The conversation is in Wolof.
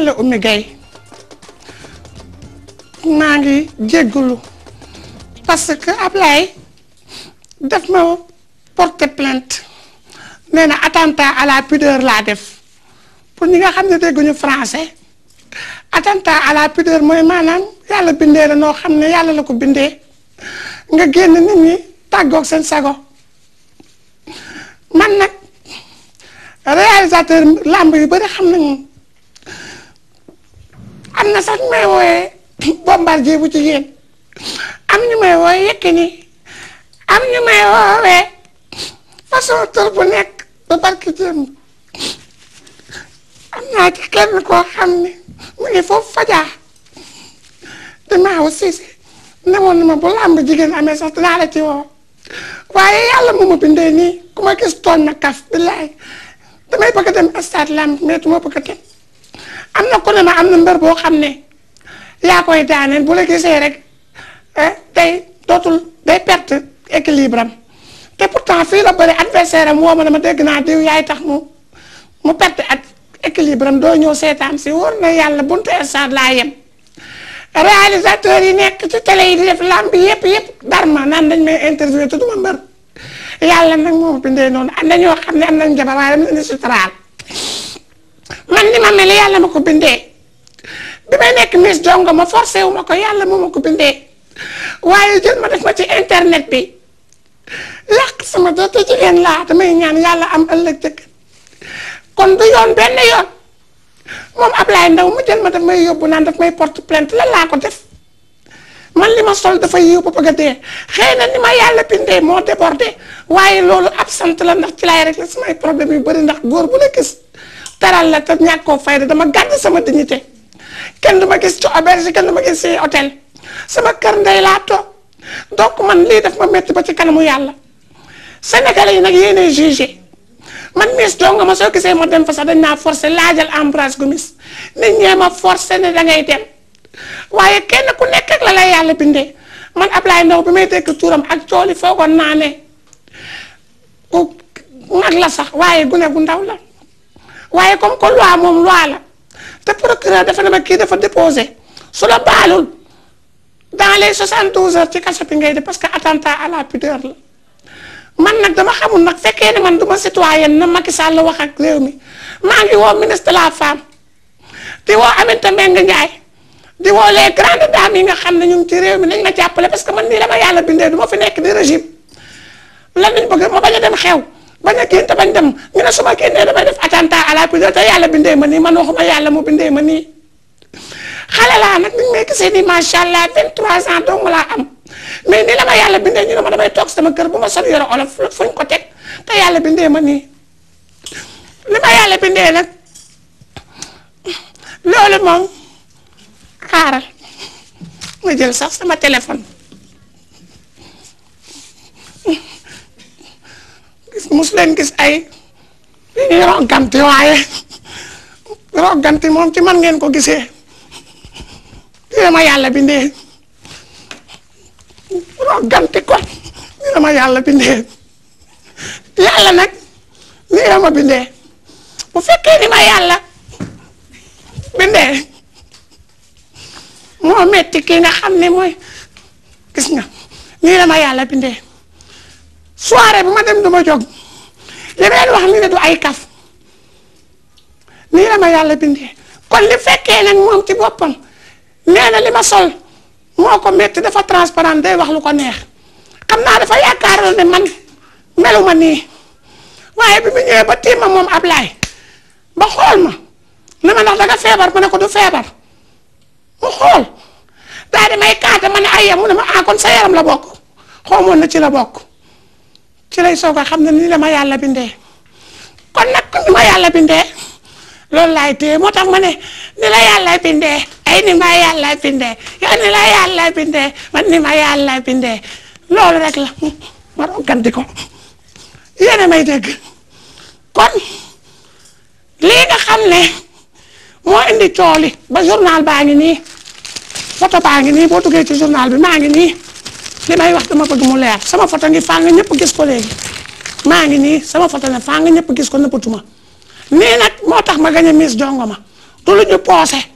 man la Oumy Gaye maa ngi jéggulu parce que Ablaye daf ma porter plainte nee na attentat à la pudeur laa def pour ñi nga xam ne dégguñu français attentat à la pudeur mooy maanaam yàlla bindee la noo xam ne yàlla la ko bindee nga génn nit ñi tàggoog seen sago man nag réalisateur làmb yu bari xam nañu am na sax may wooyee bombardier bu jigéen am ñu may wooyee Yékini woowee façon tur bu nekk ba barki jéem am naa ci kenn koo xam ne mu ngi foofu fajaa damaa wu siise newoon na ma bu làmb jigéen amee sax dinaa la waaye yàlla moo ma bindee nii ku ma gis tooñ na kaf billaay damay bëgg a dem stade làmb mais du bëgg dem am na ku ne ma am na mbër boo xam ne yaa koy daaneel bu la gisee rek tey eh, dootul day perte équilibre am te pourtant fii la bëri adversaire am woo ma ne ma dégg naa diw yaay tax mu mu perte ak équilibre am doo ñëw seetaan si wóor na yàlla buntu stade laa yem réalisateur yi nekk ci télé yi di def lamb yëpp yëpp dar ma naan dañ may interviewé te du ma mbër yàlla nag moo bindee noonu am na ñoo xam ne am nañ jabar waaye dama leen di suturaal man ni ma mel yàlla ma ko bindee bi may nekk Miss Jongo ma forcé wu ma ko yàlla moo ma ko bindee waaye jël ma def ci internet bi làq sama doot te jigéen laa damay ñaan yàlla am ëllëg jëkk kon benn yoon moom Ablaye Ndaw mu jël ma daf may yóbbu naan daf may porte plainte lan laa ko def man li ma sol dafa yiw ba bëgg a dee xëy na ni ma yàlla bindee moo débordé waaye loolu absente la ndax ci laay rek la samay problème yu bari ndax góor bu la gis teral la te ñàkk koo fayda dama gàdd sama dignité kenn du ma gis ci auberge kenn du ma gis ci hôtel sama kër ndey laa toog donc man lii def ma metti ba ci kanamu yàlla sénégalais yi nag yéenay jugé man Miss dong ma soo gisee ma dem fa sax dañ naa forcé laa jal gu Miss nit ñee ma forcé ne da ngay dem waaye kenn ku nekk la lay yàlla bindee man Ablaye Ndao bi may dégg tuuram ak cooli foogoon naa ne ku mag la sax waaye gune gu ndaw la. waaye comme que loi moom loi la te procureur dafa ne ma kii dafa déposé su la baalul dans les 72 heures ci kaso bi ngay de parce que attentat à la pudeur la man nag dama xamul nag fekkee ne man du ma citoyen na Macky Sall la wax ak réew mi maa ngi woo ministre de la femme di woo Aminata Mbengue Ndiaye di woo les grandes dames yi nga xam ne ñu ngi ci réew mi nañ ma jàppale parce que man nii la ma yàlla bindee du ma fi nekk di régime la lañ bëgg ma bañ a dem xew. bañ a génn te bañ dem ñu ne su génnee damay def attentat à la prison yàlla bindee ma nii man waxuma yàlla mu bindee ma nii xale laa nag ni may gisee nii macha allah 23 ans dong laa am mais nii la ma yàlla bindee ñu ne ma damay toog sama kër bu ma sol yore olof fuñ ko teg te yàlla bindee ma nii li ma yàlla bindee nag loolu moom xaaral ma jël sax sama téléphone. mus leen gis ay ñuy rogganti waaye rogganti moom ci man ngeen ko gisee ñu ma yàlla bindee ma yàlla bindee yàlla nag ñu ma bindee ma yàlla bindee moo metti kii nga xam ne mooy gis nga nii la ma yàlla bindee soirée bu ma dem du ma jóg leen wax ni ne du ay kaf nii la ma yàlla bindee kon li fekkee nag moom ci boppam nee li ma sol moo ko metti dafa transparent day wax lu ko neex xam naa dafa yaakaaroon ne man meluma nii waaye bi mu ñëwee ba tiima moom Ablaay ba xool ma ne ma ndax danga feebar ma ne ko du feebar mu xool daa di may kaata ma ne ay mu ne ma ah kon sa yaram la bokk xamoon na ci la bokk ci lay soog xam ne nii la ma yàlla bindee kon nag ni ma yàlla bindee loolu laay téye moo tax ma ne ni la yàlla bindee ay ni ma la yàlla bindee man ni ma yàlla bindee loolu rek la ma doon gandi ko yéen may dégg kon lii nga xam ne moo indi tool ba journal baa ngi nii photo baa ngi nii boo duggee ci journal bi maa ngi nii li may wax dama bëgg mu leer sama photo ngi fàng ñëpp gis ko léegi. maa ngi nii sama photo ne faa nga ñëpp gis ko nëppatuma nii nag moo tax ma gañe Miss Jongoma du lu ñu poose